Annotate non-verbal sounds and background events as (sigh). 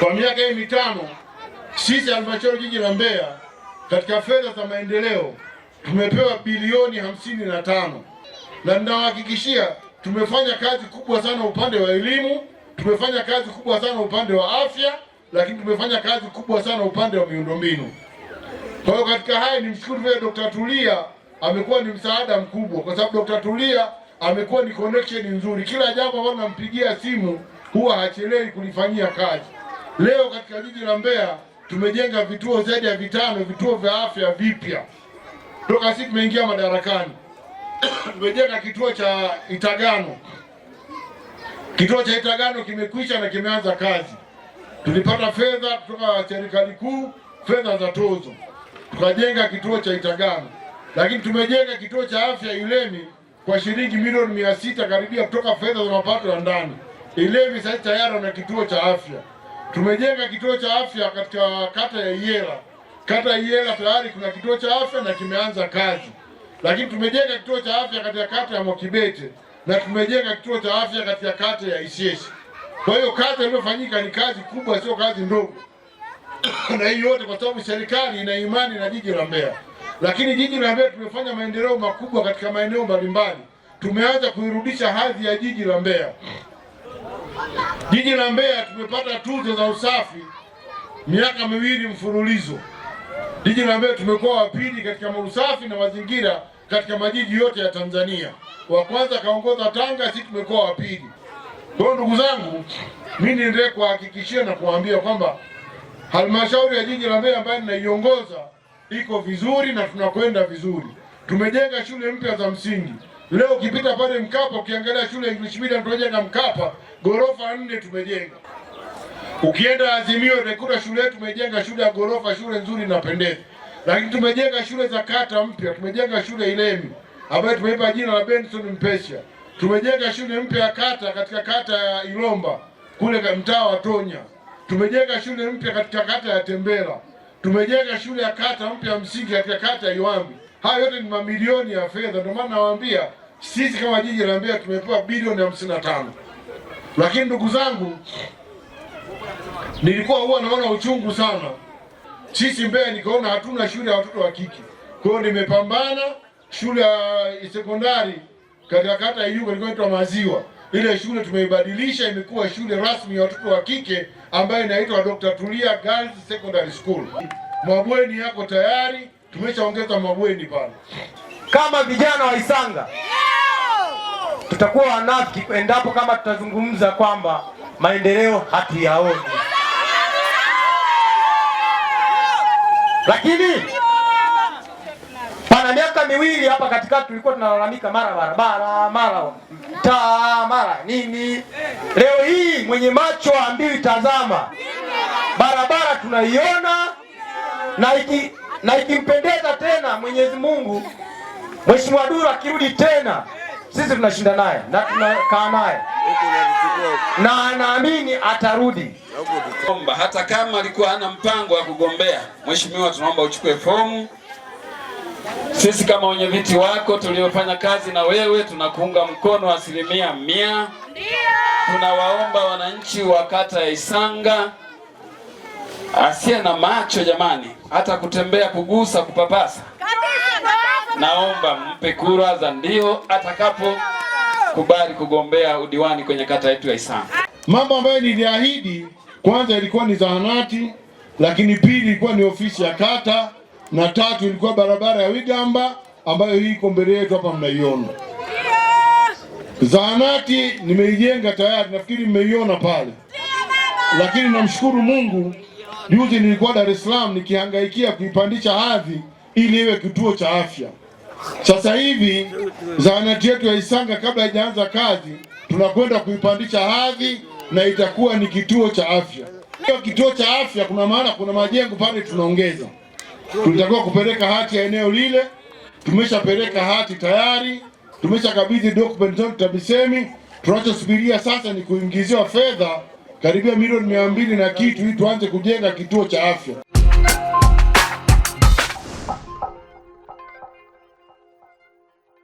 Kwa miaka hii mitano sisi halmashauri jiji la Mbeya katika fedha za maendeleo tumepewa bilioni hamsini na tano na ninawahakikishia tumefanya kazi kubwa sana upande wa elimu, tumefanya kazi kubwa sana upande wa afya, lakini tumefanya kazi kubwa sana upande wa miundombinu. Kwa hiyo katika haya mshukuru vile Dr. Tulia amekuwa ni msaada mkubwa, kwa sababu Dr. Tulia amekuwa ni connection nzuri. Kila jambo ambalo nampigia simu huwa hachelewi kulifanyia kazi. Leo katika jiji la Mbeya tumejenga vituo zaidi ya vitano, vituo vya afya vipya toka sisi tumeingia madarakani. tumejenga kituo cha Itagano. Kituo cha Itagano kimekwisha na kimeanza kazi. Tulipata fedha kutoka serikali kuu, fedha za tozo, tukajenga kituo cha Itagano. Lakini tumejenga kituo cha afya Ilemi kwa shilingi milioni mia sita karibia kutoka fedha za mapato ya ndani. Ilemi sasa tayari na kituo cha afya. Tumejenga kituo cha afya katika kata ya Iyela. Kata ya Iyela tayari kuna kituo cha afya na kimeanza kazi, lakini tumejenga kituo cha afya katika kata ya Mwakibete na tumejenga kituo cha afya katika kata ya Isyesye. Kwa hiyo kazi iliyofanyika ni kazi kubwa, sio kazi ndogo (coughs) na hii yote kwa sababu serikali ina imani na jiji la Mbeya. Lakini jiji la Mbeya tumefanya maendeleo makubwa katika maeneo mbalimbali, tumeanza kuirudisha hadhi ya jiji la Mbeya. Jiji la Mbeya tumepata tuzo za usafi miaka miwili mfululizo. Jiji la Mbeya tumekuwa wa pili katika usafi na mazingira katika majiji yote ya Tanzania. Wa kwanza kaongoza Tanga, sisi tumekuwa wa pili. Kwa hiyo ndugu zangu, mimi niendelee kuhakikishia na kuwaambia kwamba halmashauri ya jiji la Mbeya ambayo ninaiongoza iko vizuri na tunakwenda vizuri. Tumejenga shule mpya za msingi. Leo ukipita pale Mkapa ukiangalia shule English medium tunajenga Mkapa ghorofa nne tumejenga. Ukienda Azimio utakuta shule yetu tumejenga shule ya ghorofa, shule nzuri inapendeza. Lakini tumejenga shule za kata mpya, tumejenga shule Ilemi ambayo tumeipa jina la Benson Mpesha. Tumejenga shule mpya ya kata katika kata ya Ilomba kule mtaa wa Tonya. Tumejenga shule mpya katika kata ya Tembela. Tumejenga shule ya kata mpya msingi katika kata ya Iwambi hayo yote ni mamilioni ya fedha, ndio maana nawaambia sisi kama jiji Mbeya tumepewa bilioni hamsini na tano. Lakini ndugu zangu, nilikuwa huwa naona uchungu sana sisi Mbeya, nikaona hatuna shule ya watoto wa kike. Kwa hiyo nimepambana shule ya sekondari katika kata ya Iyunga inaitwa Maziwa, ile shule tumeibadilisha imekuwa shule rasmi ya watoto wa kike ambayo inaitwa Dr. Tulia Girls Secondary School. Mabweni yako tayari tumeshaongeza mabweni pale. Kama vijana wa Isanga tutakuwa wanafiki endapo kama tutazungumza kwamba maendeleo hatuyaoni, lakini pana miaka miwili hapa katikati tulikuwa tunalalamika mara barabara, mara taa, mara nini. Leo hii mwenye macho ambiwi tazama, barabara tunaiona na iki na ikimpendeza tena Mwenyezi Mungu, Mheshimiwa Duru akirudi tena, sisi tunashinda naye na tunakaa naye na anaamini atarudi. Omba hata kama alikuwa hana mpango wa kugombea, mheshimiwa, tunaomba uchukue fomu. Sisi kama wenye viti wako tuliofanya kazi na wewe tunakuunga mkono asilimia mia. Tunawaomba wananchi wa kata ya Isanga asiye na macho jamani, hata kutembea, kugusa, kupapasa, naomba mpe kura za ndio atakapo kubali kugombea udiwani kwenye kata yetu ya Isanga. Mambo ambayo niliahidi, kwanza ilikuwa ni zahanati, lakini pili ilikuwa ni ofisi ya kata, na tatu ilikuwa barabara ya Wigamba ambayo hii iko mbele yetu hapa mnaiona. Zahanati nimeijenga tayari, nafikiri mmeiona pale, lakini namshukuru Mungu Juzi nilikuwa Dar es Salaam nikihangaikia kuipandisha hadhi ili iwe kituo cha afya. Sasa hivi zahanati yetu ya Isanga kabla haijaanza kazi, tunakwenda kuipandisha hadhi na itakuwa ni kituo cha afya. Hiyo kituo cha afya, kuna maana kuna majengo pale tunaongeza. Tulitakiwa kupeleka hati ya eneo lile, tumeshapeleka hati tayari, tumeshakabidhi document zote TAMISEMI. Tunachosubiria sasa ni kuingiziwa fedha karibia milioni mia mbili na kitu ili tuanze kujenga kituo cha afya.